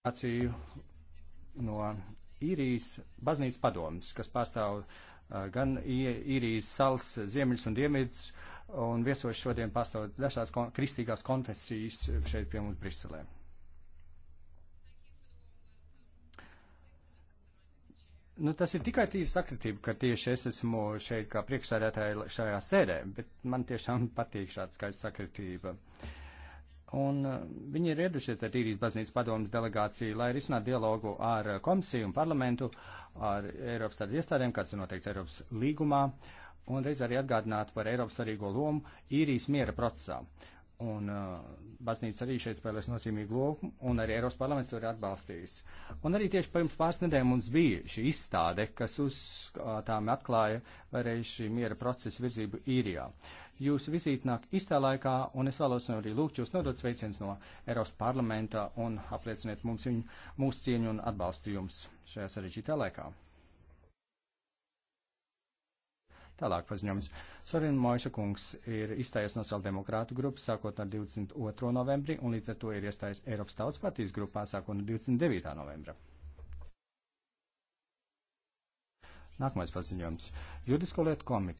delegāciju no īrijas baznīcas padomas, kas pārstāv gan īrijas salas ziemeļus un diemeļus, un viesos šodien pārstāv dažās kon kristīgās konfesijas šeit pie mums Briselē. Nu, tas ir tikai tīra sakritība, ka tieši es esmu šeit kā priekšsēdētāja šajā sēdē, bet man tiešām patīk šāda skaista sakritība. Uh, Un eh, viņi ir ieradušies ar Tīrijas baznīcas padomas delegāciju, lai risinātu dialogu ar eh, komisiju un parlamentu, ar Eiropas tādu iestādēm, kāds ir noteikts Eiropas līgumā, un reiz arī atgādinātu par Eiropas svarīgo lomu īrijas miera procesā. Un uh, baznīca arī šeit spēlēs nozīmīgu lomu, un arī Eiropas parlaments to ir atbalstījis. Un arī tieši pirms pāris nedēļām mums bija šī izstāde, kas uz uh, tām atklāja vēlreiz šī miera procesa virzību īrijā. Jūsu vizīti nāk īstā laikā, un es vēlos arī lūgt jūs nodot sveiciens no Eiropas parlamenta un aplieciniet mums viņu, mūsu cieņu un atbalstu jums šajā sarežģītā laikā. Tālāk paziņojums. Sorin Mojša kungs ir izstājies no sociāldemokrātu grupas sākot ar 22. novembri un līdz ar to ir iestājies Eiropas tautas partijas grupā sākot no 29. novembra. Nākamais paziņojums. Juridisko lietu komiteja.